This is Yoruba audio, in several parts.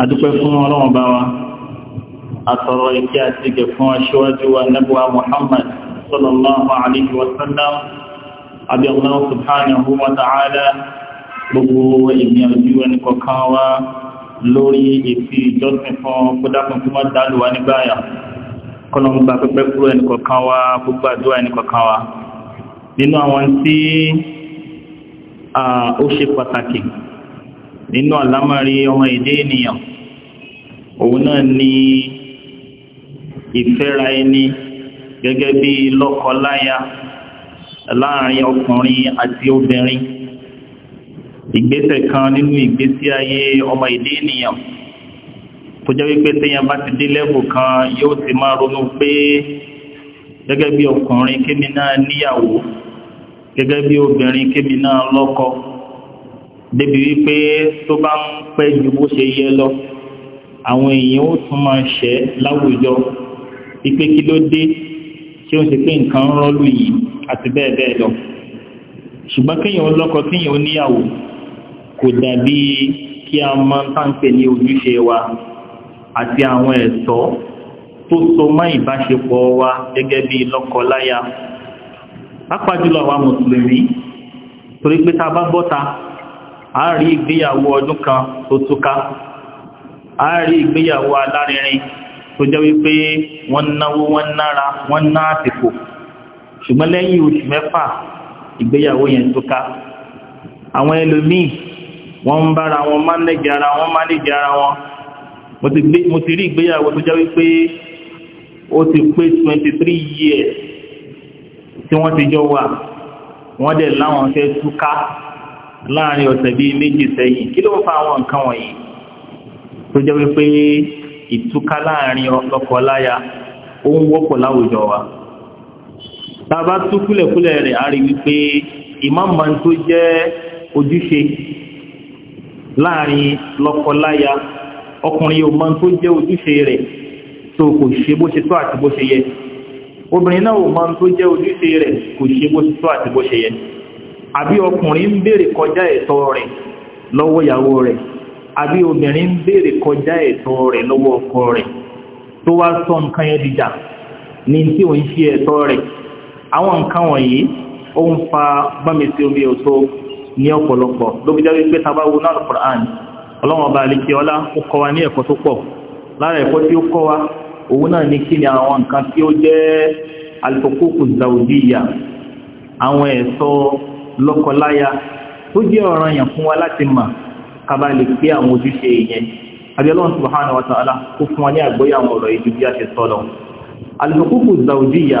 adúpẹ́ fún ọlọ́run bá wa àtọ̀rọ̀ ìkẹ́ àti ìgẹ̀ fún aṣíwájú wa nẹ́bùwa muhammad sallallahu alayhi wa sallam abiyallahu subhanahu wa ta'ala gbogbo ìgbìyànjú ẹni kọ̀ọ̀kan wa lórí ìfi ìjọsìn fún kódákùn tí wọ́n dálù wa nígbàyà nínú àlámàrí ọmọ èdè ènìyàn òun náà ni ìfẹ́ra ẹni gẹ́gẹ́ bí lọ́kọ-láya láàrin ọkùnrin àti obìnrin ìgbésẹ̀ kan nínú ìgbésí ayé ọmọ èdè ènìyàn tó jẹ́ wípé téèyàn bá ti dé lẹ́bù kan yóò ti máa ronú pé gẹ́gẹ́ bí ọkùnrin kémi náà níyàwó gẹ́gẹ́ bí obìnrin kémi náà lọ́kọ débi wípé tó bá ń pẹ́ ju bó ṣe yẹ lọ àwọn èèyàn ó tún máa ṣẹ́ láwùjọ ipe kí ló dé tí ó ń ṣe pé nǹkan ń rọ́lù yìí àti bẹ́ẹ̀ bẹ́ẹ̀ lọ ṣùgbọ́n kéèyàn lọ́kọ kéèyàn níyàwó kò dàbí kí a máa táǹpẹ̀ ní ojúṣe wa àti àwọn ẹ̀tọ́ tó so mọ́ ìbáṣepọ̀ wa gẹ́gẹ́ bí lọ́kọ-láya pápá jùlọ àwa mùsùlùmí torí pé tá bá bọ́ta a rí ìgbéyàwó ọdún kan tó túká a rí ìgbéyàwó alárinrin tó jẹ́ wípé wọ́n náwó wọ́n nára wọ́n ná àsìkò ṣùgbọ́n lẹ́yìn oṣù mẹ́fà ìgbéyàwó yẹn túká àwọn ẹlòmíì wọ́n ń bára wọn mánéjì ara wọn mánéjì ara wọn mo ti rí ìgbéyàwó tó jẹ́ wípé ó ti pé 23 three years tí wọ́n ti jọ wà wọ́n dẹ̀ láwọn fẹ́ túká láàrin ọ̀sẹ̀ bíi méjì sẹ́yìn kí ló ń fa àwọn nǹkan wọ̀nyí tó jẹ́ wípé ìtúká láàrin ọkọ láya ó ń wọ́pọ̀ láwùjọ wa tá a bá tú kúlẹ̀kúlẹ̀ rẹ̀ á rí wípé ìmọ̀mọ̀ tó jẹ́ ojúṣe láàrin lọ́kọ-láya ọkùnrin yóò mọ̀ tó jẹ́ ojúṣe rẹ̀ tó kò ṣe bó ṣe tó àti bó ṣe yẹ obìnrin náà ò mọ̀ tó jẹ́ ojúṣe rẹ̀ kò ṣe bó ṣe tó àti bó ṣe yẹ àbí ọkùnrin ń béèrè kọjá ẹ̀tọ́ rẹ̀ lọ́wọ́ ìyàwó rẹ̀ àbí obìnrin ń béèrè kọjá ẹ̀tọ́ rẹ̀ lọ́wọ́ ọkọ rẹ̀ tó wá sọ nǹkan yẹn dìjà ní tí ò ń ṣe ẹ̀tọ́ rẹ̀ àwọn nǹkan wọ̀nyí ó ń fa gbọ́mẹsí omi ọ̀tọ̀ ní ọ̀pọ̀lọpọ̀ lóbi jáwé pé tabawo náà Qur'an ọlọ́wọ́n ọba àlekí ọlá ó kọ́ wa ní ẹ̀kọ́ tó pọ̀ lára ẹ̀kọ́ tí ó kọ́ wa òun náà ní kí ni àwọn nǹkan tí ó jẹ́ al-huququ àwọn ẹ̀tọ́ lọ́kọláya ó jẹ́ ọ̀ranyàn fún wa láti mà kaba lè pé àwọn ojúṣe yẹn abiyalọ́n subhanahu wa ta'ala kó fún wa ní àgbóyà àwọn ọ̀rọ̀ ìjú bí a ṣe sọ́lọ alìfòkúkù zaujiya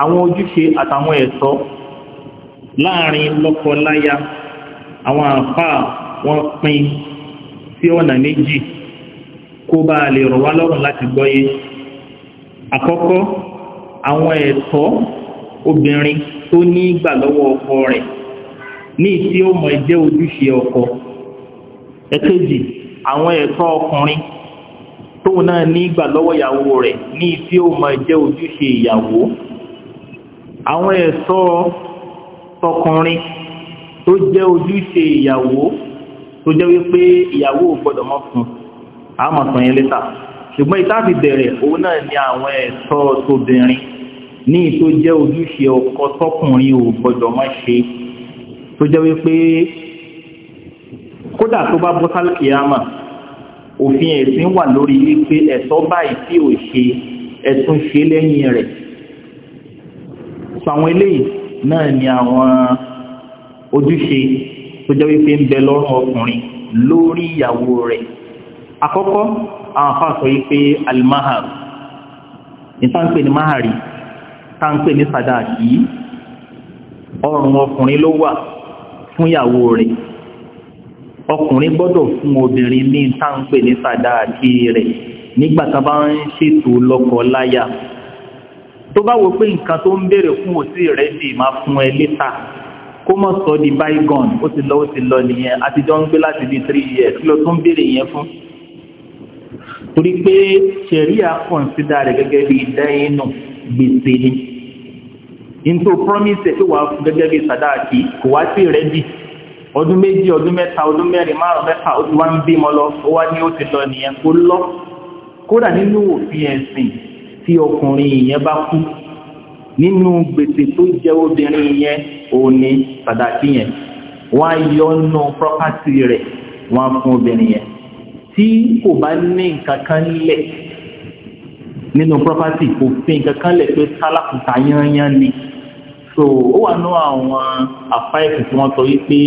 àwọn ojúṣe àtàwọn ẹ̀tọ́ láàrin lọ́kọláya àwọn àfà wọn pín sí obìnrin tó ní ìgbà lọ́wọ́ ọkọ rẹ̀ ní tí ó mọ̀ jẹ́ ojúṣe ọkọ ẹ̀kejì àwọn ẹ̀tọ́ ọkùnrin tóun náà ní ìgbà lọ́wọ́ ìyàwó rẹ̀ ní tí ó mọ̀ jẹ́ ojúṣe ìyàwó àwọn ẹ̀tọ́ tọkùnrin tó jẹ́ ojúṣe ìyàwó tó jẹ́ wípé ìyàwó gbọ́dọ̀ mọ́ fún àmọ̀tàn yẹn lẹ́tà ṣùgbọ́n ìtàfi bẹ̀rẹ̀ òun náà ni àwọn ẹ̀tọ́ tóbìnrin ní tó jẹ́ ojúṣe ọkọ tọkùnrin ò gbọ́dọ̀ mọ́ ṣe tó jẹ́ wípé kódà tó bá bọ́ sálùkìyàmà òfin ẹ̀sìn wà lórí wípé ẹ̀tọ́ báyìí tí ò ṣe ẹ̀tún ṣe lẹ́yìn rẹ̀ sọ àwọn eléyìí náà ni àwọn ojúṣe tó jẹ́ wípé ń bẹ lọ́rùn ọkùnrin lórí ìyàwó rẹ̀ àkọ́kọ́ àwọn afa sọ wípé alimahar ìtànpé ni mahari ìtànpé ni sadaki ọrùn ọkùnrin ló wà fún ìyàwó rẹ̀ ọkùnrin gbọ́dọ̀ fún obìnrin ní táǹpẹ̀ ní sàdáàkì rẹ̀ nígbà tá bá ń ṣètò lọ́kọ láya tó bá wo pé nǹkan tó ń béèrè fún òsì rẹ̀ sì máa fún ẹ létà kó mọ̀ sọ di bygone ó ti lọ ó ti lọ nìyẹn àtijọ́ ń gbé láti di three years kí ló tún béèrè yẹn fún torí pé ṣẹ̀ríà kọ̀ǹsídà rẹ̀ gẹ́gẹ́ bí dẹ́yìn nù gbèsè ni into promise ẹ̀ tó wà gẹ́gẹ́ bí sàdáàkì kò wá sí rẹ́dì ọdún méjì ọdún mẹ́ta ọdún mẹ́rin márùn mẹ́fà ó ti wá ń bímọ lọ ó wá ní ó ti lọ nìyẹn kó lọ kódà nínú òfin ẹ̀sìn tí ọkùnrin ìyẹn bá kú nínú gbèsè tó jẹ obìnrin yẹn òní sàdáàkì yẹn wọ́n á yọ nù property rẹ̀ wọ́n á fún obìnrin yẹn tí kò bá ní nǹkan nínú property kò fi nǹkan kan lẹ̀ pé tálákùtà yányán ni so ó wà ní àwọn àfáìsì tí wọ́n sọ wípé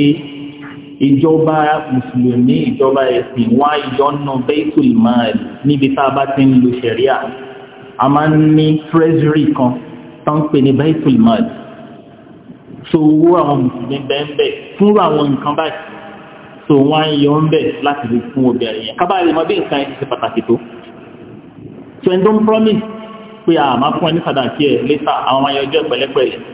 ìjọba mùsùlùmí ìjọba ẹ̀sìn wá ìyọnu baitul mal níbi tá a bá ti ń lo ṣẹ̀ríà a máa ń ní treasury kan tó ń pè ní baitul mal so owó àwọn mùsùlùmí bẹ́ẹ̀ fún àwọn nǹkan báyìí so wọ́n á yọ ń bẹ̀ láti rí fún obìnrin yẹn kábàárì mọ bí nǹkan ẹ̀ ti ṣe pàtàkì tó so ẹni tó ń promise pé àmà fún ẹni sàdákì ẹ̀ lẹ́tà àwọn ayọjọ́ pẹ̀lẹ́pẹ̀lẹ́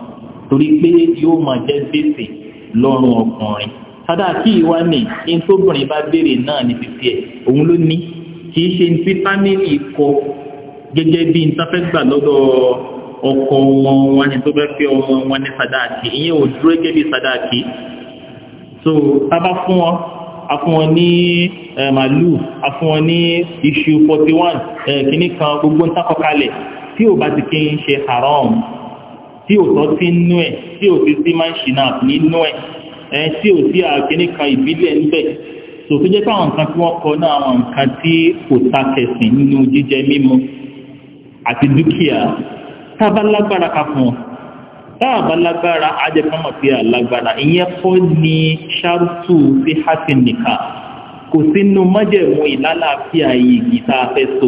torí pé yóò máa jẹ́ gbèsè lọ́rùn ọkùnrin sàdáàkì ìwá ní ní tóbìnrin bá béèrè náà ní fífi ẹ̀ òun ló ní kì í ṣe ní tí fámìlì gẹ́gẹ́ bí n tafẹ́ gbà lọ́dọ̀ ọkọ wọn wọn ni tó bẹ́ fẹ́ ọmọ wọn ní sàdáàkì ìyẹn ò dúró gẹ́gẹ́ bí sàdáàkì so tábà fún wọn a fún wọn ní eh, màlúù a fún wọn ní iṣu forty one eh, kìnnìkan gbogbo ń takọ kalẹ̀ tí ò bá ti kí ń ṣe haram tí òtọ́ sí nú ẹ̀ tí ò sí sí máa ń ṣìnà nínú ẹ̀ ẹ̀ tí ò sí àkíní kan ìbílẹ̀ níbẹ̀ tó tó jẹ́ káwọn nǹkan tí wọ́n kọ náà àwọn nǹkan tí kò ta kẹsìn nínú jíjẹ mímu àti dúkìá tábà lágbára ká fún lágbára ajẹkọmọ sí àlágbára ìyẹn kọ́ ni ṣáàtù sí hàtì nìkan kò sínú májẹ̀mú ìlàlàáfíà yìí tá a fẹ́ so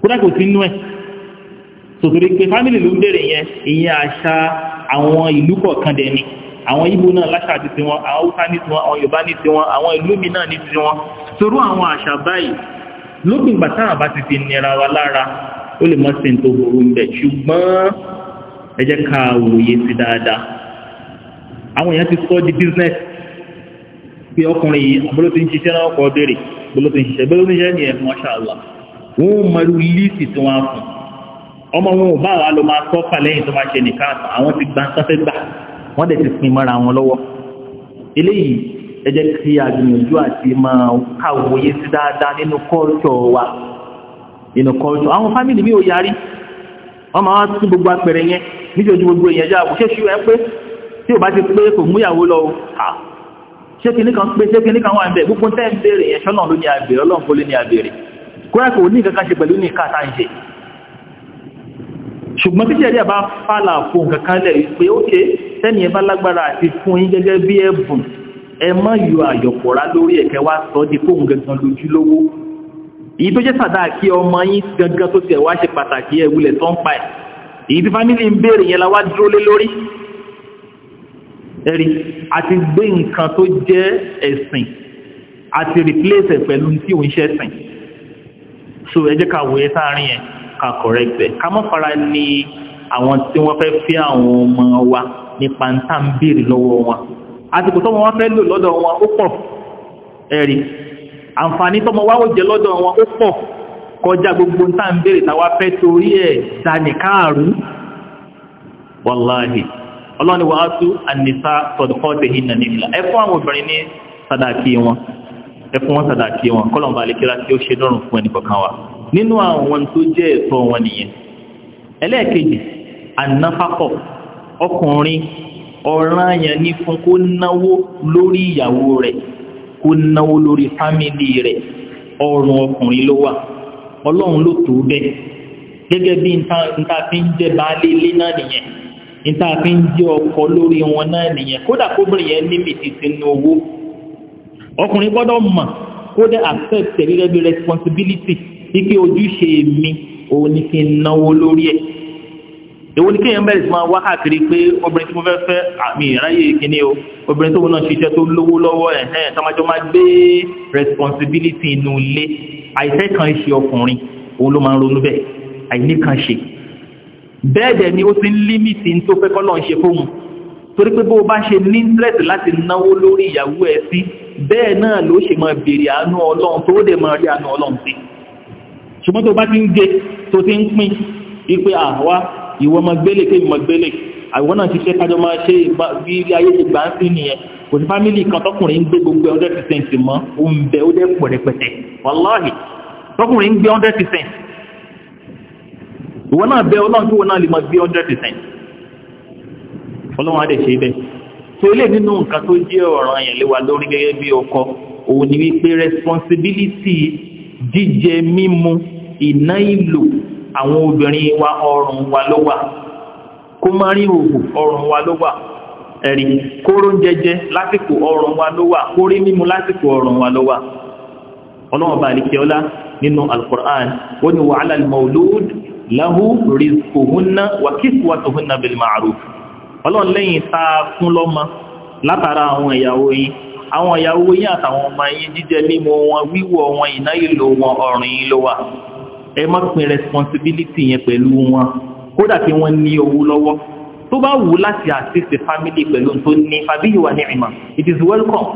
kódà kò sínú ẹ̀ sòtòrí pé fámìlì ló ń bèrè yẹn ìyẹn àṣà àwọn ìlú kọ̀ọ̀kan dẹ̀ ni àwọn Ìgbò náà láṣà ti tiwọn àwọn Haúsá ní tiwọn àwọn Yorùbá ní tiwọn àwọn ìlú mi náà ní tiwọn torú àwọn àṣà báyìí lópin nira wa lára ó lè mọ́ sí ní tó burú ń business pé ọkùnrin yìí àbúrò ti ń ṣiṣẹ́ náà kọ́ béèrè bóló ti ń ṣiṣẹ́ bóló wọ́n mọ irú tí wọ́n á fún ọmọ wọn ò bá wa ló máa sọ́fà lẹ́yìn tó máa ṣe nìkan àwọn ti gba sáfẹ́ gbà wọ́n dẹ̀ ti pin mọ́ra wọn lọ́wọ́ eléyìí ẹ jẹ́ kí agbìyànjú àti máa kàwòye sí dáadáa nínú kọ́ọ̀tọ̀ wa nínú kọ́ọ̀tọ̀ àwọn fámìlì mi ò yarí wọ́n máa wá tún gbogbo apẹ̀rẹ̀ yẹn níjọ́jú gbogbo èèyàn já àwòṣe ṣú ẹ pé tí ò bá ti pé kò múyàwó lọ ṣé kinní kan pé ṣé kinní kan wà ń gbogbo tẹ́ ń béèrè yẹn ṣọ́nà ló ní àbèrè ọlọ́run ló ní àbèrè kúrẹ́kù ò ní kankan ṣe pẹ̀lú ní ìka tá ṣùgbọ́n tí jẹ́rìí bá fàlà fún kankan lẹ̀ wípé ókè tẹ́ni ẹ bá lágbára àti fún yín gẹ́gẹ́ bí ẹ̀bùn ẹ mọ́ yọ àyọ̀pọ̀rá lórí ẹ̀kẹ́ wá sọ di fóun gangan lójúlówó èyí tó jẹ́ sàdá kí ọmọ yín gangan tó tẹ̀ wá ṣe pàtàkì ẹ̀ wulẹ̀ tó ń pa ká correct ẹ̀ ká mọ́ fara ní àwọn tí wọ́n fẹ́ fi àwọn ọmọ wa nípa ń tà ń béèrè lọ́wọ́ wọn àsìkò tọ́mọ wọn fẹ́ lò lọ́dọ̀ wọn ó pọ̀ ẹ̀rí àǹfààní tọ́mọ wa ó jẹ lọ́dọ̀ wọn ó pọ̀ kọjá gbogbo tá ń béèrè tàwa fẹ́ torí ẹ̀ dání káàrú wàláhì ọlọ́ni wàá tú ànìsá sọ̀dọ̀kọ́tẹ̀ ìnà nílà ẹ fún àwọn obìnrin ní sàdákì wọn ẹ fún wọn sàdákì wọn kọ́lọ̀mbà àlékírá tí ó ṣe dọ́rùn fún nínú àwọn tó jẹ́ ẹ̀tọ́ wọn nìyẹn ẹlẹ́ẹ̀kejì ànáfàkọ̀ ọkùnrin ọ̀ranyàn ni fún kó náwó lórí ìyàwó rẹ̀ kó náwó lórí fámìlì rẹ̀ ọrùn ọkùnrin ló wà ọlọ́run ló tó bẹ́ẹ̀ gẹ́gẹ́ bí nta fi ń jẹ́ baálé ilé náà nìyẹn nta fi ń jẹ́ ọkọ lórí wọn náà nìyẹn kódà kóbìnrin yẹn ní mìtìtì nínú owó ọkùnrin gbọ́dọ̀ mọ̀ kó accept gẹ́gẹ́ bí responsibility ike ojúṣe mi òun ni kí n náwó lórí ẹ̀ èwo ni kéèyàn bẹ̀rẹ̀ sí máa wá káàkiri pé obìnrin tí mo fẹ́ fẹ́ àmì ìráyè kìíní o obìnrin tóun náà ṣiṣẹ́ tó lówó lọ́wọ́ ẹ̀ ẹ̀ tọ́mọjọ́ máa gbé responsibility inú ilé àìsẹ́ kan ṣe ọkùnrin òun ló máa ń ronú bẹ́ẹ̀ àìní kan ṣe bẹ́ẹ̀ dẹ̀ ni ó ti ń límìtì tó fẹ́ kọ́lọ́ ń ṣe fóun torí pé bó bá ṣe ní interest láti náwó lórí ìyàwó ẹ̀ sí bẹ́ẹ̀ náà ló ṣe máa béèrè àánú ọlọ́run tó dẹ̀ máa ṣùgbọ́n tó bá ti ń gé tó ti ń pín ipe àwa ah, ìwọ ọmọ gbélé kébi ọmọ gbélé àwọn náà ti ṣe kájọ máa ṣe bí ilé ayé ti gbà ń sí nìyẹn kò sí fámìlì kan tọkùnrin ń gbé gbogbo hundred percent mọ́ ó ń bẹ ó dẹ́ pọ̀ rẹpẹtẹ wàláhì tọkùnrin ń gbé hundred percent ìwọ náà bẹ ọlọ́run tí wọn náà lè máa gbé percent ọlọ́run á dẹ̀ ṣe bẹ́ẹ̀ tó ilé nínú nǹkan tó jẹ́ ọ̀ràn yẹn lé wa lórí gẹ́gẹ́ bí responsibility jíjẹ mímu ìná ìlò àwọn obìnrin wa ọrùn wa ló wà kó má rí òhù ọrùn wa ló wà ẹ̀rí kóró ń jẹjẹ lásìkò ọrùn wa ló wà kórí mímu lásìkò ọrùn wa ló wà ọlọ́wọ́n bá àlìkẹ́ ọlá nínú alukur'an ó ní wa 'ala al-mawlud lahu rizquhunna wa kiswatuhunna bil ma'ruf ọlọ́run lẹ́yìn tá a fún lọ́mọ látara àwọn ìyàwó yìí àwọn ìyàwó yín àtàwọn ọmọ yín jíjẹ mímu wọn wíwọ wọn ìná ìlò wọn ọ̀rìn yín ló wà ẹ má pin responsibility yẹn pẹ̀lú wọn kódà kí wọ́n ní owó lọ́wọ́ tó bá wù láti assist family pẹ̀lú tó ní fàbíyì ní ìmọ̀ it is welcome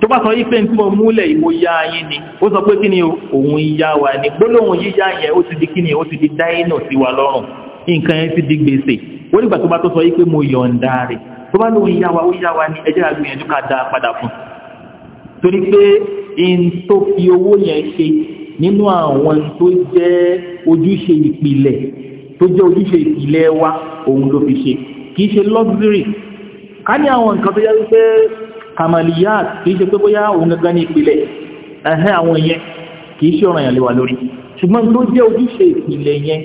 tó bá sọ yí pé tí mo múlẹ̀ ìwò ya yín ni ó sọ pé kí ni òun ya wa ni gbólóhùn yíyá yẹn ó ti di kí ni ó ti di dáínà sí wa lọ́rùn nǹkan yẹn ti di gbèsè ó nígbà tó bá tó sọ yí pé mo yọ̀ǹda rẹ̀ tó bá lóun yá wa ó yá wa ní ẹjẹ́ àgbìyànjú ká dáa padà fún torí pé in tó fi owó yẹn ṣe nínú àwọn tó jẹ́ ojúṣe ìpìlẹ̀ tó jẹ́ ojúṣe ìpìlẹ̀ wa òun ló fi ṣe kìí ṣe luxury ká ní àwọn nǹkan tó yá wípé kamaliyat kìí ṣe pé bóyá òun gangan ní ìpìlẹ̀ ẹ̀hẹ́ àwọn yẹn kìí ṣe ọ̀ràn ìyàlẹ́wà lórí ṣùgbọ́n tó jẹ́ ojúṣe ìpìlẹ̀ yẹn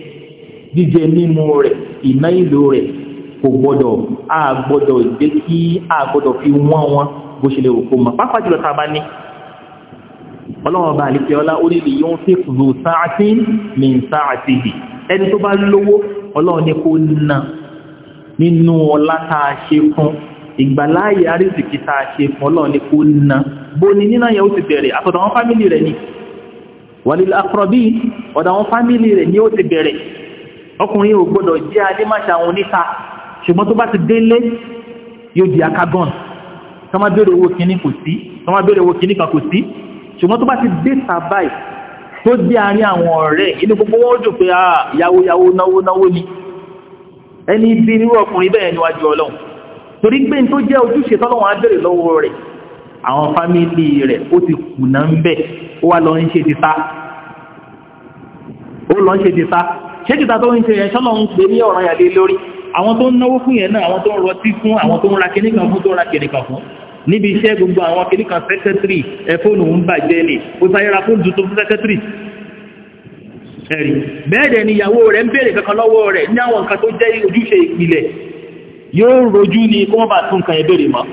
jíjẹ mímu rẹ̀ ìná ìlò rẹ̀ kò gbọ́dọ̀ a gbọ́dọ̀ jẹ́ kí a gbọ́dọ̀ fi wọ́n wọn bó ṣe lè rò kó mọ̀ pápá jùlọ tá a bá ní ọlọ́wọ́ bá àlìfẹ́ ọlá orílẹ̀ yóò fi kùzù sáàtí ní sáàtì bì ẹni tó bá lówó ọlọ́wọ́ ní kó nà nínú ni nínà yẹn ó ti bẹ̀rẹ̀ àtọ̀dọ̀ àwọn ni wàlíl akọrọ̀bí ọ̀dọ̀ ni ó ti bẹ̀rẹ̀ ọkùnrin ò gbọ́dọ̀ jẹ́ adémáṣà àwọn oníta ṣùgbọ́n tó bá ti délé yóò di akagon tó má bèèrè owó kìíní kò sí tó má bèèrè owó kìíní kan kò sí ṣùgbọ́n tó bá ti dé sàbáì tó dé àárín àwọn ọ̀rẹ́ inú gbogbo wọ́n jò pé yàwó yàwó náwó náwó ni ẹni bí nírú ọkùnrin bẹ́ẹ̀ ṣe ti ta tó ń ṣe yẹn ṣọ́lọ́ ń pè ní ọ̀ràn yàlé lórí àwọn tó ń náwó fún yẹn náà àwọn tó ń rọtí fún àwọn tó ń ra kìnnìkan fún tó ń ra kìnnìkan fún níbi iṣẹ́ gbogbo àwọn kìnnìkan sẹ́kẹ́tìrì ẹ fóònù ń bàjẹ́ ni ó sáyé ra fóònù tuntun fún sẹ́kẹ́tìrì ẹ̀rí bẹ́ẹ̀dẹ̀ ni ìyàwó rẹ̀ ń béèrè kankan lọ́wọ́ rẹ̀ ní àwọn nǹkan tó jẹ́ ojúṣe ìpìlẹ̀ yóò rojú ni kó wọ́n bá tún nǹkan ẹ̀bẹ̀rẹ̀ mọ́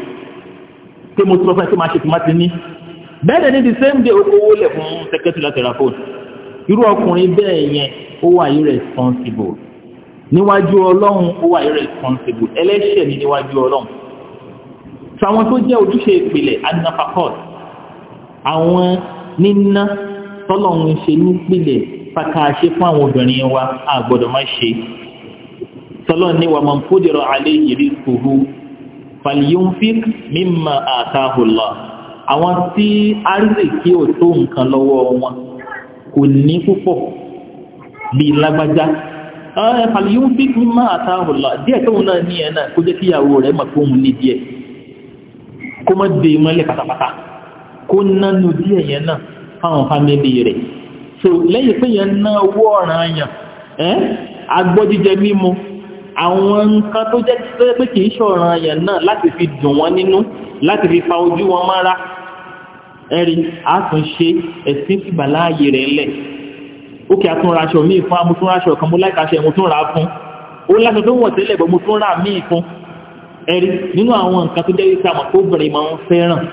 pé mo tọ́fẹ́ tí máa ṣe tìmá ti ní bẹ́ẹ̀dẹ̀ ní the same day okòwò lẹ̀ fún secretary lateral phone irú ọkùnrin bẹ́ẹ̀ yẹn ó wà irresponsible níwájú ọlọ́run ó wà irresponsible ẹlẹ́ṣẹ̀ ní níwájú ọlọ́run sàwọn tó jẹ́ ojúṣe ìpìlẹ̀ adinapakọ́t àwọn níná tọ́lọ́run ṣe nípìlẹ̀ pàkàṣe fún àwọn obìnrin wa a gbọ́dọ̀ má ṣe tọ́lọ́run ní wa man qudira alayhi rizquhu falyunfiq mimma ataahu àwọn tí àrísìkí ò tó nǹkan lọ́wọ́ wọn kò ní púpọ̀ bíi lágbájá fàlìyún fi kí máa àtàhùlà díẹ̀ tóun náà ní ẹ̀nà kó jẹ́ kíyàwó rẹ̀ mọ̀ fóun ní díẹ̀ kó mọ́ dé e mọ́lẹ̀ pátápátá kó nánú díẹ̀ yẹn náà fáwọn fámílì rẹ̀ so lẹ́yìn pé yẹn ná owó ọ̀ràn àyàn ẹ́ agbọ́jíjẹ mímu àwọn nǹkan tó jẹ́ pé kìí ṣọ̀ràn àyàn náà láti fi dùn wọ́n nínú láti fi fa ojú wọn mára ẹ̀rí àtúnṣe ẹ̀sìn fìgbàláàyè rẹ̀ lẹ̀ ó kí a tún ra aṣọ míì fún amú tún ra aṣọ kan mo láìka aṣọ ẹ̀wọ̀n tún ra fún ó láṣọ tó wọ̀ tẹ́lẹ̀ bọ́ mo tún ra míì fún ẹ̀rí nínú àwọn nǹkan tó jẹ́ sáàmù tó bẹ̀rẹ̀ máa ń fẹ́ràn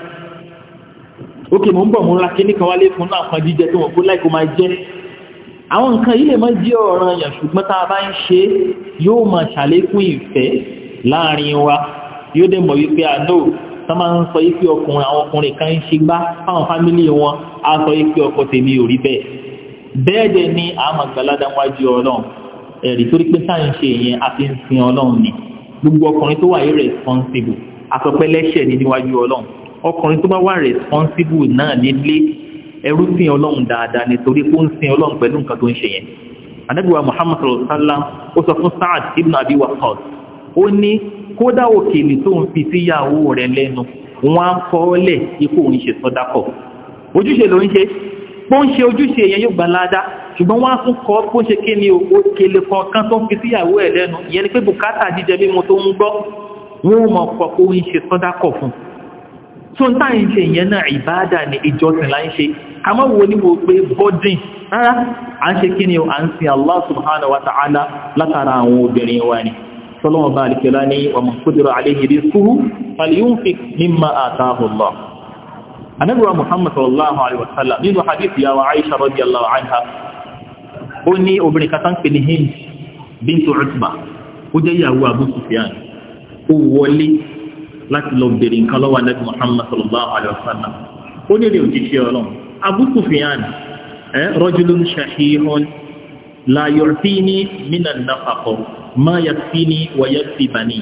ó kì mò ń bọ̀ mo ra kíní kan wálé fún náà kan jíjẹ tó wọ̀ kó láìkó máa jẹ́ àwọn nǹkan yìí lè má jẹ́ ọ̀ràn yàn ṣùgbọ́n tá a bá ń ṣe yóò máa ṣàlékún ìfẹ́ láàrin wa yóò dẹ̀ mọ̀ wípé àná tó máa ń sọ yìí pé ọkùnrin àwọn ọkùnrin kan ń ṣe gbá fáwọn fámílì wọn á sọ yìí pé ọkọ tèmi ò rí bẹ́ẹ̀ bẹ́ẹ̀ dẹ̀ ni àmọ̀ gbàládà wájú ọlọ́run ẹ̀rí torí pé sáà ń ṣe yẹn a fi ń sin ọlọ́run ni gbogbo ọkùnrin tó wà yìí responsible àpẹpẹ lẹ́ṣẹ̀ ní níwájú ọlọ́run ọkùnrin tó bá wà responsible náà nílé ẹrú sin ọlọ́run dáadáa nítorí pé ó ń sin ọlọ́run pẹ̀lú nǹkan tó ń ṣe yẹn anábìwá muhammad sallam ó sọ fún saad ibn abi waqas ó ní kódà òkèlè tó ń fi síyàwó rẹ̀ lẹ́nu wọn á kọ́ ọ́lẹ̀ ipò òun ṣe sọ́dákọ̀ ojúṣe ló ń ṣe pó ń ṣe ojúṣe èyàn yóò gbàládá ṣùgbọ́n wọ́n á tún kọ́ pó ń ṣe kí ni òkèlè kọ̀ọ̀kan tó ń fi síyàwó ẹ̀ lẹ́nu ìyẹn ni pé bùkátà jíjẹ mímu tó ń gbọ́ wọ́n mọ̀ pọ̀ pé ó ń ṣe sọ́dákọ̀ fún tó ń táyìn ṣe ìyẹn náà ìbáàdà ni ìjọsìn là ṣe àmọ́ wo ni wo pé bọ́dìn rárá à ń ṣe kí ni à ń sin Allah subhanahu wa ta'ala látara àwọn obìnrin wa ni sọlọ́wọ́n bá àlìkẹ́lá ní ọmọ kúdìrọ̀ àlẹ́ ìdí kúrú fàlíyùn fi mímọ́ àtàhùn lọ́wọ́ anábìwá muhammad sallallahu alaihi wa sallam nínú hadith ya wa aisha radiyallahu anha ó ní obìnrin kan tán pè ní hind bintu utba ó jẹ́ ìyàwó abu sufyan ó wọlé láti lọ bèrè nǹkan lọ́wọ́ anábì muhammad sallallahu alaihi wa sallam ní èrè òjíṣẹ́ ọlọ́run abu sufyan rajulun shahihun la yurfini minan nafaqo ma yàfini wa yàfi bani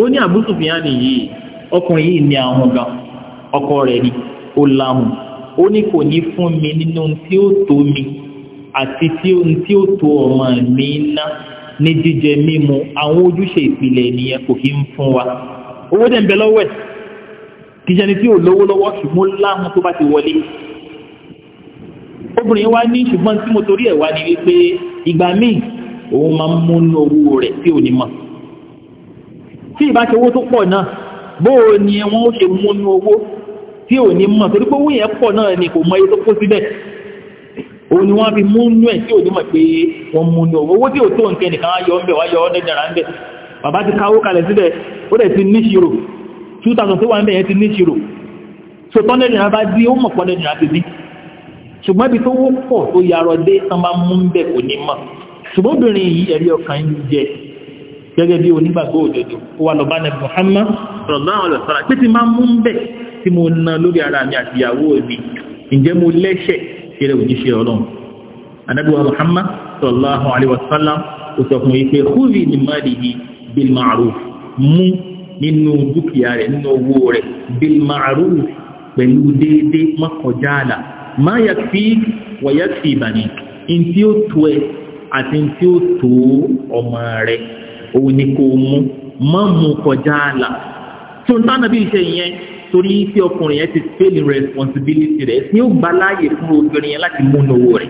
ó ní abu sufyan yìí ọkùnrin yìí ní àwọn gan ọkọ rẹ̀ ni ó láhùn ó ní kò ní fún mi nínú ohun tí ó tó mi àti tí ohun tí ó tó ọmọ mi ná ní jíjẹ mímu àwọn ojúṣe ìpìlẹ̀ ènìyàn kò kí ń fún wa owó dẹ̀ ń bẹ lọ́wọ́ ẹ̀ kì ni tí ò lówó lọ́wọ́ ṣùgbọ́n láhùn tó bá ti wọlé obìnrin wa ní ṣùgbọ́n tí mo torí ẹ̀ wá ni wípé ìgbà míì òun máa ń múnú owó rẹ̀ tí ò ní mọ̀ tí ìbá ṣe owó tó pọ̀ náà bóò ni wọ́n ó ṣe múnú owó tí ò ní mọ̀ torí pé owó yẹn pọ̀ náà ni kò mọ iye tó kó síbẹ̀ òun ni wọ́n fi mú nú ẹ̀ tí ò ní mọ̀ pé wọ́n mú ní owó tí ò tó nǹkan nìkan ayọ̀ ń bẹ̀ wáyọ̀ ọ́ dẹ́dẹ̀rà ń bẹ̀ bàbá ti káwó kalẹ̀ síbẹ̀ ó dẹ̀ ti níṣirò 2000 tó wà ń bẹ̀ ti níṣirò so tọ́lẹ̀dìnà bá dí ó mọ̀ pọ́lẹ̀dìnà ti dí ṣùgbọ́n ibi tó wọ́pọ̀ tó yarọ dé tán bá mú gẹ́gẹ́ bí onígbàgbọ́ òdodo wà lọ bá nẹ̀bùn Muhammad rọ̀lọ́rọ̀ lọ́sọ̀rọ̀ pé ti máa mú ń bẹ̀ tí mo ná lórí ara mi àti ìyàwó mi ǹjẹ́ mo lẹ́ṣẹ̀ kéré òjíṣẹ́ ọlọ́run Ànábì wa Muhammad sallallahu alaihi wasallam ó sọ fún ipe húvi ní malihi bil ma'ruf mú nínú dúkìá rẹ̀ nínú owó rẹ̀ bil ma'ruf pẹ̀lú déédéé má kọjá àlà má yakfi wa yakfi bani ntí ó tó ẹ àti ntí ó tó ọmọ rẹ̀ òun ni kò mú má mú kọjá àlà tó ń tánà bí iṣẹ́ yẹn torí tí ọkùnrin yẹn ti fail in responsibility rẹ̀ ní ó gba láàyè fún obìnrin yẹn láti múnú owó rẹ̀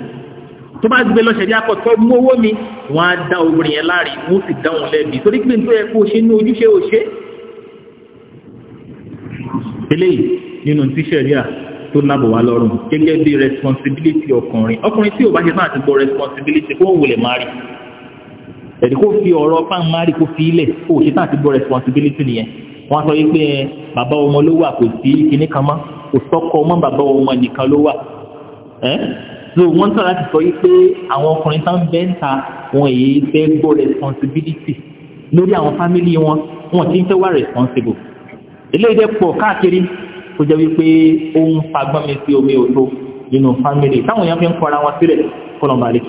tó bá gbé lọ́sẹ̀ ní akọ̀tọ́ mú owó mi wọ́n á dá obìnrin yẹn láàrin wọ́n sì dá wọn lẹ́bi torí pé nítorí ẹ̀kọ́ òṣè ní ojúṣe òṣè eléyìí nínú tíṣẹ̀ríà tó lábọ̀ wá lọ́rùn gẹ́gẹ́ bí responsibility ọkùnrin ọkùnrin tí ò bá ṣe fún àtìgbọ́ responsibility kó wùlẹ̀ má rí ẹ̀dí kó fi ọ̀rọ̀ fáwọn má rí kó fi ilẹ̀ kó ṣe fún àtìgbọ́ responsibility nìyẹn wọ́n á sọ wípé bàbá ọmọ ló wà kò sí kinní kan mọ́ kò sọ́kọ mọ́ bàbá ọmọ nìkan ló wà ẹ́ so wọ́n tọ́ láti sọ yìí pé àwọn ọkùnrin tá bẹ́ ń ta wọn èyí fẹ́ gbọ́ responsibility lórí àwọn fámìlì wọn wọn ti ń fẹ́ wà responsible eléyìí dẹ́ pọ̀ káàkiri kó jẹ́ wípé ó ń fagbọ́n mi sí omi òtó nínú fámìlì táwọn èèyàn fi ń kọra wọn sílẹ̀ kọ́nà bàlẹ̀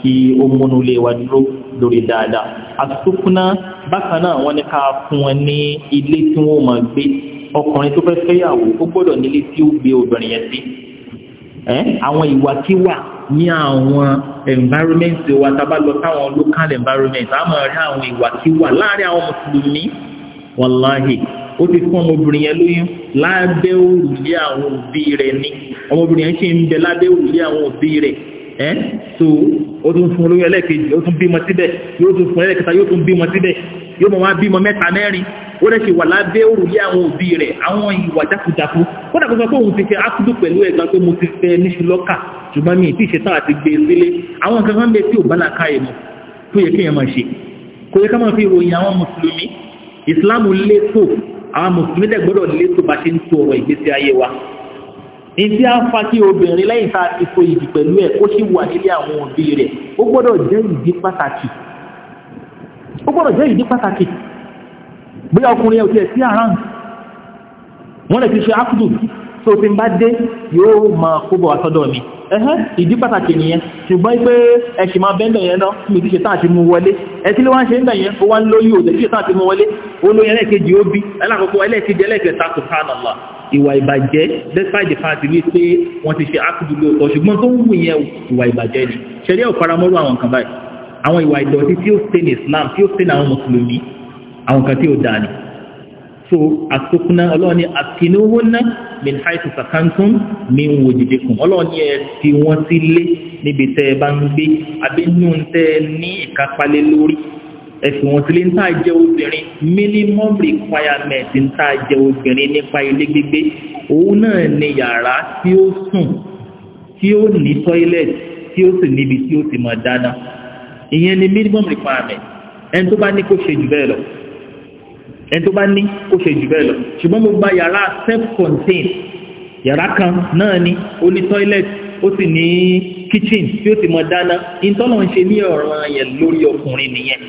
kí ó múnú lé wa dúró lórí dáadáa àtúntò bákan náà wọ́n ní ká fún ẹ ní ilé tí wọ́n máa gbé ọkùnrin tó fẹ́ fẹ́yàwó ó gbọ́dọ̀ nílé tí ó gbé obìnrin yẹn sí àwọn ìwàkiwà ní àwọn environment wa tábà lọ táwọn local environment àmọ́ rí àwọn ìwàkiwà láàrin àwọn mùsùlùmí wàláhì ó ti fún ọmọbìnrin yẹn lóyún lábẹ́ òrùlé àwọn òbí rẹ̀ ni ọmọbìnrin yẹn ṣe ń bẹ lábẹ́ òrùlé àwọn òbí rẹ̀ ẹ́ so ó tún fún olóyún ẹlẹ́ẹ̀kejì ó tún bímọ síbẹ̀ yóò tún fún ẹlẹ́ẹ̀kẹta yóò tún bímọ síbẹ̀ yóò mọ̀ wá bímọ mẹ́ta mẹ́rin ó rẹ̀ ṣe wà lábẹ́ òrùlé àwọn òbí rẹ̀ àwọn ìwà jákujáku kódà kó sọ pé òun ti fẹ́ ákúdù pẹ̀lú ẹ̀gbọ́n pé mo ti fẹ́ níṣu lọ́kà ṣùgbọ́n mi ti ṣetán àti gbé e sílé àwọn nǹkan kan bẹ tí ò bá làkà ẹ̀ mọ̀ tó yẹ kéèyàn máa ṣe kò yẹ ká máa fi ròyìn àwọn mùsùlùmí ìsìláàmù ìdí afa kí obìnrin lẹ́yìn tá a ti fo ìdí pẹ̀lú ẹ̀ ó sì wà nílé àwọn òbí rẹ̀ ó gbọ́dọ̀ jẹ́ ìdí pàtàkì ó gbọ́dọ̀ jẹ́ ìdí pàtàkì bí ọkùnrin ẹ̀ ò tiẹ̀ sí àrán wọ́n lè ti ṣe ákùdù tó ti ń bá dé yóò máa kó bọ̀ mi ẹ̀hẹ́ ìdí pàtàkì nìyẹn ṣùgbọ́n pé ẹ̀ṣì máa bẹ́ndẹ̀ yẹn náà mi ti ṣe táà ti mú wọlé ẹ̀tí ló wá ń ṣe ń bẹ̀ yẹn ó wá ń lóyún òdè ṣe táà ti mú wọlé ó lóyún ẹlẹ́ẹ̀kejì ó bí ẹlẹ́kọ̀ọ́kọ́ ẹlẹ́ẹ̀kejì ẹlẹ́ẹ̀kẹta tó kánàlá ìwà ìbàjẹ́ despite the fact ní pé wọ́n ti ṣe ákùdúlé ọ̀tọ̀ ṣùgbọ́n tó ń wù yẹn ìwà ìbàjẹ́ ni ṣẹlẹ́ ọ̀faramọ́rú àwọn kan báyìí àwọn ìwà ìdọ̀tí tí ó stain Islam tí ó stain so àsokùnà ọlọ́run ní àkínúhónà min haitu sakantum min wujudikum ọlọ́run ní ẹ fi wọ́n sí lé níbi tẹ́ ẹ bá ń gbé abínú tẹ́ ẹ ní ìkápálẹ́ lórí ẹ fi wọ́n sí lé jẹ́ obìnrin minimum requirement níta jẹ́ obìnrin nípa ilé gbígbé òun náà ni yàrá tí ó sùn tí ó ní toilet tí ó sì níbi tí ó sì máa dáná ìyẹn ni minimum requirement ẹni tó bá ní kó ṣe jù bẹ́ẹ̀ lọ ẹni tó bá ní ó ṣe jù bẹ́ẹ̀ lọ ṣùgbọ́n mo gba yàrá self-contained yàrá kan náà ni ó ní toilet ó sì ní kitchen tí ó ti mọ dáná ìtọ́nà ń ṣe ní ọ̀ràn yẹn lórí ọkùnrin nìyẹn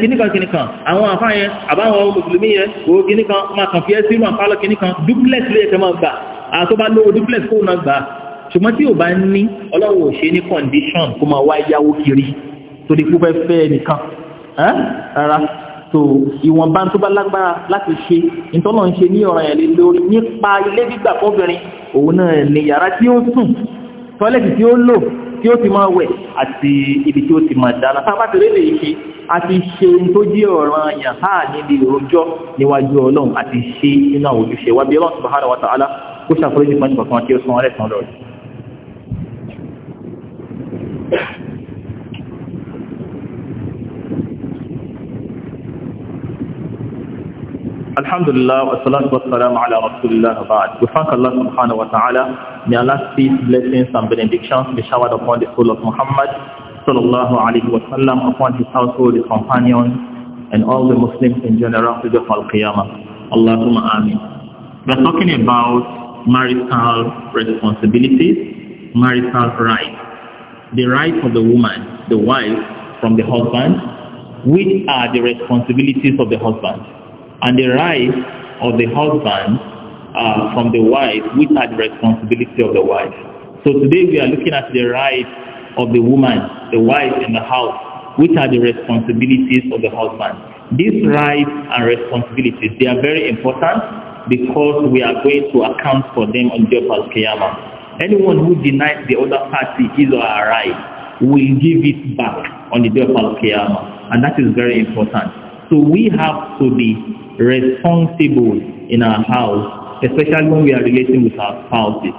kìnnìkan kìnnìkan àwọn àfáà yẹn àbáwọn mùsùlùmí yẹn kò kìnnìkan máa kàn fi ẹ́ sínú àpálọ̀ kìnnìkan duplex ló yẹ kẹ́ máa gbà àtọ́ bá lówó duplex kó náà gbà ṣùgbọ́n tí ò bá ní ọlọ́wọ́ ò ṣe ní condition kó máa wá yáwó kiri torí púpẹ́ fẹ́ nìkan rárá so ìwọ̀nba tó bá lágbára láti ṣe ìtọ́nà ń ṣe ní ọ̀ràn ẹ̀lẹ́ lórí nípa ilé gbígbà fọ́bìnrin òun náà ní yàrá tí ó sùn tọ́lẹ̀tì tí ó lò tí ó ti máa wẹ̀ àti ibi tí ó ti máa dára tá a bá ṣe àti ṣe tó jẹ́ ọ̀ràn àyàn ha níbi ìròjọ́ níwájú ọlọ́run àti ṣe nínú àwọn ojúṣe wa bí ọlọ́run subhanahu wa ta'ala kó ṣàforíjì fún ẹnìkọ̀ọ̀kan tí ó san ọlẹ́sàn lọ́rọ̀ Alhamdulillah, wa salatu wa salam ala Rasulullah We thank Allah subhanahu wa ta'ala. May Allah's peace, blessings and benedictions be showered upon the soul of Muhammad sallallahu alayhi wa sallam, upon his household, his companions, and all the Muslims in general to the Al-Qiyamah. Allahumma ameen. We're talking about marital responsibilities, marital rights, the rights of the woman, the wife, from the husband, which are the responsibilities of the husband. and the rights of the husband uh, from the wife, which are the responsibility of the wife. So today we are looking at the rights of the woman, the wife in the house, which are the responsibilities of the husband. These rights and responsibilities, they are very important because we are going to account for them on the day of Anyone who denies the other party his or her right will give it back on the day of And that is very important. So we have to be responsible in our house, especially when we are relating with our spouses.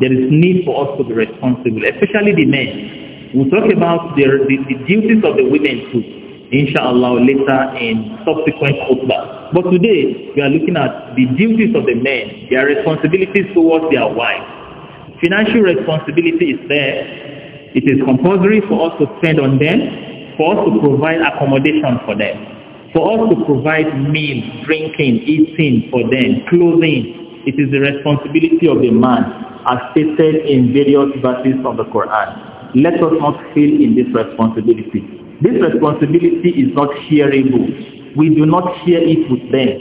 There is need for us to be responsible, especially the men. We'll talk about the, the, the duties of the women too, inshallah, later in subsequent khutbah. But today, we are looking at the duties of the men, their responsibilities towards their wives. Financial responsibility is there. It is compulsory for us to spend on them, for us to provide accommodation for them. For us to provide meal, drinking, eating for them, clothing, it is the responsibility of the man as stated in various verses of the Quran. Let us not fail in this responsibility. This responsibility is not shareable. We do not share it with them.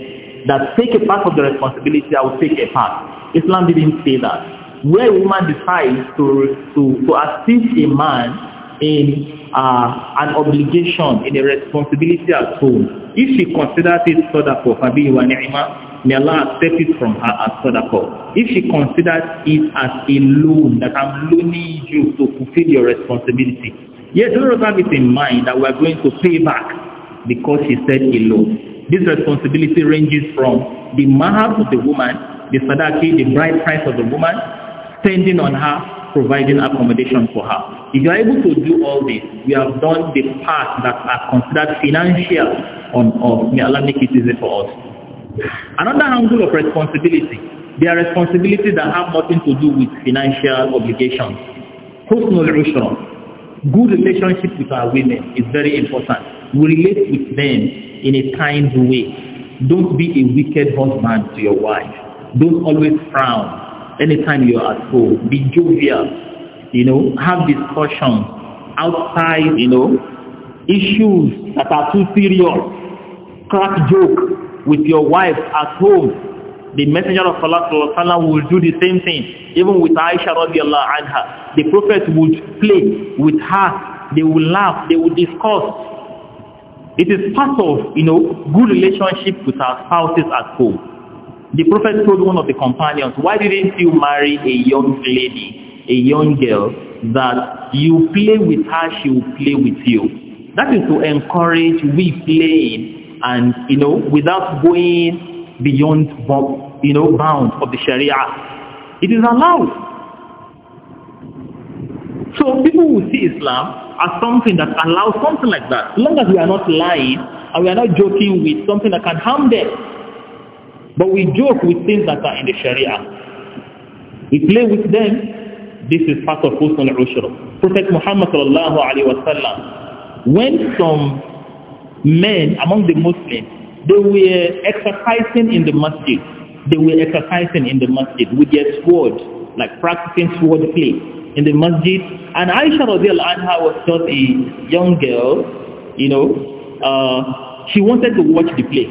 That take a part of the responsibility, I will take a part. Islam didn't say that. Where a woman decides to, to, to assist a man in uh, an obligation and a responsibility at home. If she considers it sadaqah, fabihi wa ni'ma, may Allah accept it from her as sadaqah. If she considers it as a loan, that I'm loaning you to fulfill your responsibility. Yes, a lot of time in mind that are going to pay back because she said a loan. This responsibility ranges from the mahab of the woman, the sadaqah, the bride price of the woman, spending on her, providing accommodation for her. If you are able to do all this, we have done the part that are considered financial on us. May Allah make it easy for us. Another angle of responsibility, there are responsibilities that have nothing to do with financial obligations. Personal ushra, good relationship with our women is very important. We relate with them in a kind way. Don't be a wicked husband to your wife. Don't always frown anytime you're at home, be jovial, you know, have discussions outside, you know, issues that are too serious, crack joke with your wife at home. The messenger of Allah sallam, will do the same thing, even with Aisha radiallahu anha. The prophet would play with her, they would laugh, they would discuss. It is part of, you know, good relationship with our spouses at home. The prophet told one of the companions, why didn't you marry a young lady, a young girl, that you play with her, she will play with you. That is to encourage we playing and, you know, without going beyond, you know, bounds of the Sharia. It is allowed. So people will see Islam as something that allows something like that, as long as we are not lying and we are not joking with something that can harm them. But we joke with things that are in the Sharia. We play with them. This is part of Husn al-Ushra. Prophet Muhammad sallallahu alayhi wa sallam, when some men among the Muslims, they were exercising in the masjid. They were exercising in the masjid with their sword, like practicing sword play in the masjid. And Aisha radiallahu anha was just a young girl, you know, uh, she wanted to watch the play.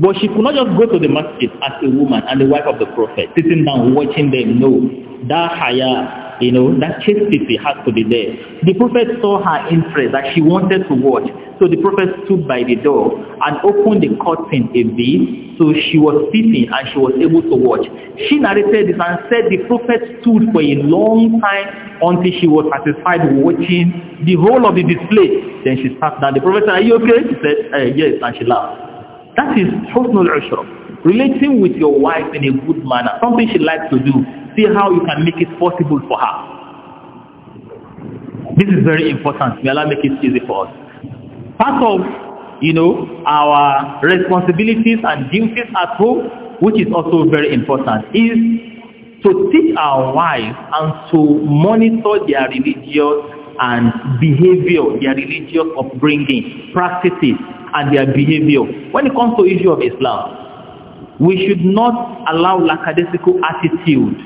But she could not just go to the masjid as a woman and the wife of the prophet, sitting down watching them. No, that haya, you know, that chastity has to be there. The prophet saw her interest that she wanted to watch. So the prophet stood by the door and opened the curtain a bit. So she was sitting and she was able to watch. She narrated this and said the prophet stood for a long time until she was satisfied watching the whole of the display. Then she sat down. The prophet said, are you okay? She said, uh, yes. And she laughed. That is husnul ushra, relating with your wife in a good manner, something she likes to do. See how you can make it possible for her. This is very important. May Allah make it easy for us. Part of, you know, our responsibilities and duties at home, which is also very important, is to teach our wives and to monitor their religious and behavior, their religious upbringing, practices, and their behavior when it comes to issue of Islam. We should not allow lackadaisical attitude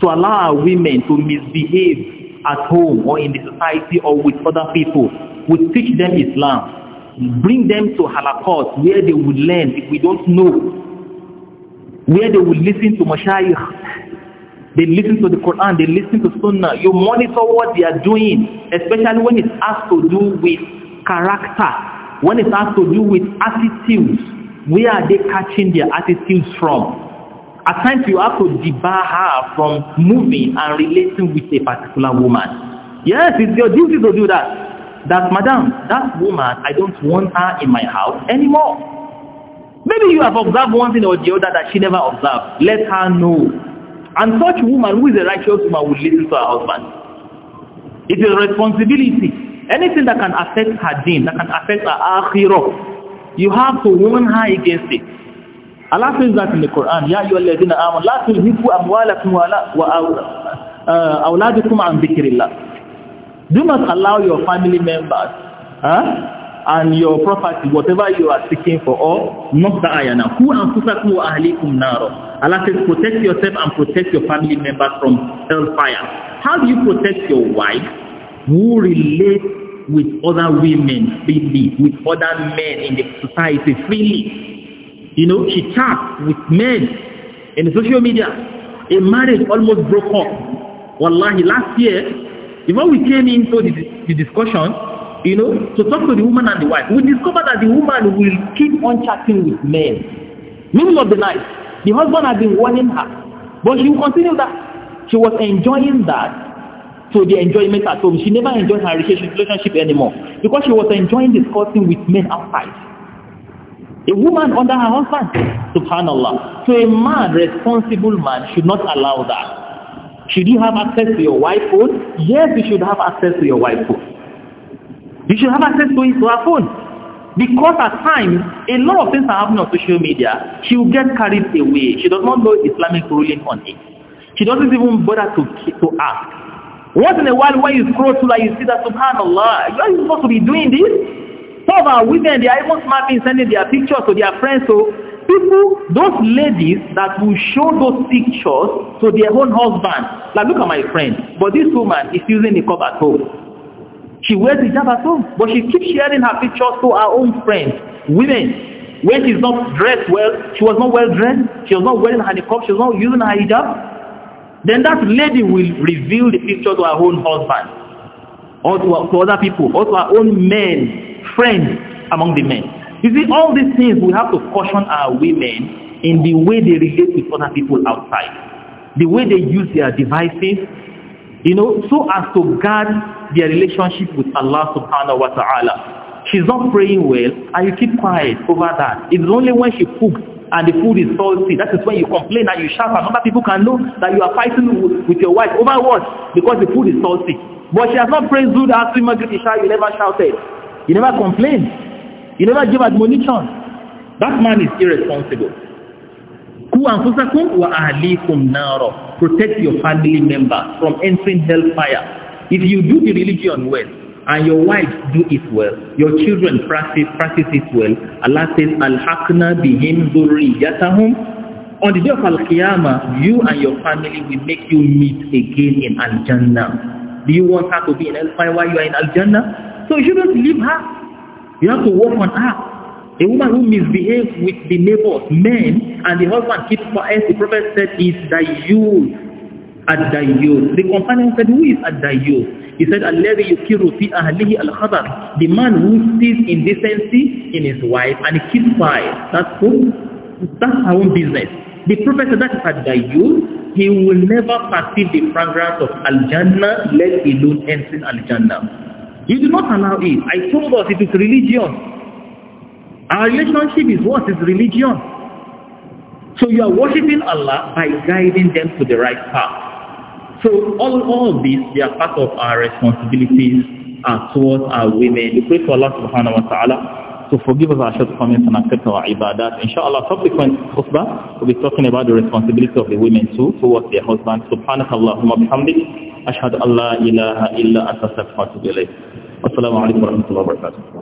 to allow women to misbehave at home or in the society or with other people. We teach them Islam. Bring them to halakot where they will learn if we don't know. Where they will listen to mashayikh they listen to the Quran, they listen to Sunnah. You monitor what they are doing, especially when it's asked to do with character when it has to do with attitudes, where are they catching their attitudes from? At times you have to debar her from moving and relating with a particular woman. Yes, it's your duty to do that. That, madam, that woman, I don't want her in my house anymore. Maybe you have observed one thing or the other that she never observed. Let her know. And such woman who is a righteous woman will listen to her husband. It is a responsibility anything that can affect her deen, that can affect her akhirah, you have to warn her against it. Allah says that in the Quran, يَا أَيُّهَا الَّذِينَ آمَنُوا لَا تُلْهِكُوا أَمْوَالَكُمْ وَأَوْلَادِكُمْ عَنْ ذِكْرِ اللَّهِ Do not allow your family members huh, and your property, whatever you are seeking for, or not the ayana. Who أَنْفُسَكُمْ وَأَهْلِكُمْ نَارًا Allah says protect yourself and protect your family members from hellfire. How do you protect your wife who relates with other women freely, with other men in the society freely. You know, she chat with men in the social media. A marriage almost broke up. Wallahi, last year, before we came into the, the discussion, you know, to talk to the woman and the wife, we discovered that the woman will keep on chatting with men. Middle of the night, the husband has been warning her, but she will continue that. She was enjoying that to the enjoyment at home. She never enjoyed her relationship anymore because she was enjoying discussing with men outside. A woman under her husband, subhanallah. So a man, responsible man, should not allow that. Should you have access to your wife's phone? Yes, you should have access to your wife's phone. You should have access to, to her phone. Because at times, a lot of things are happening on social media. She will get carried away. She does not know Islamic ruling on it. She doesn't even bother to, to ask. What in the world? when you scroll through like you see that subhanallah, you are supposed to be doing this. Some of our women, they are even smart in sending their pictures to their friends. So people, those ladies that will show those pictures to their own husband, like look at my friend, but this woman is using the cup at home. She wears the job at home, but she keeps sharing her pictures to her own friends, women. When she's not dressed well, she was not well dressed, she was not wearing her niqab, she was not using her hijab, then that lady will reveal the picture to her own husband or to, to other people or to her own men, friends among the men. You see, all these things we have to caution our women in the way they relate with other people outside, the way they use their devices, you know, so as to guard their relationship with Allah subhanahu wa ta'ala. She's not praying well and you keep quiet over that. It's only when she cooks and the food is salty. That is when you complain that you shout and other people can know that you are fighting with, your wife over what? Because the food is salty. But she has not praised you. Zul after Maghrib Isha, you never shouted. You never complained. You never gave admonition. That man is irresponsible. Ku anfusakum wa ahlikum nara. Protect your family members from entering hellfire. If you do the religion well, and your wife do it well, your children practice practice it well. Allah says, Al-Hakna bihim dhurriyatahum. On the day of Al-Qiyamah, you and your family will make you meet again in Al-Jannah. Do you want her to be in Al-Fire while you are in Al-Jannah? So you shouldn't leave her. You have to work on her. A woman who misbehaves with the neighbors, men, and the husband keeps quiet, the prophet said, is that you ad The companion said, who is ad He said, Alladhi yukiru fi ahlihi al-khadar. The man who sees indecency in his wife and keeps quiet. That's who? That's our own business. The Prophet said that is ad He will never perceive the fragrance of Al-Jannah, let alone entering Al-Jannah. You do not allow it. I told us it is religion. Our relationship is what? Is religion. So you are worshiping Allah by guiding them to the right path. So all, all of these, they are part of our responsibilities uh, towards our women. We pray for Allah subhanahu wa ta'ala to forgive us our shortcomings and accept our ibadat. Inshallah, subsequent khutbah, we'll be talking about the responsibility of the women too towards their husbands. Subhanakallahumma bihamdik. أشهد أن لا إله إلا أنت أستغفرك وأتوب إليك السلام عليكم ورحمة الله وبركاته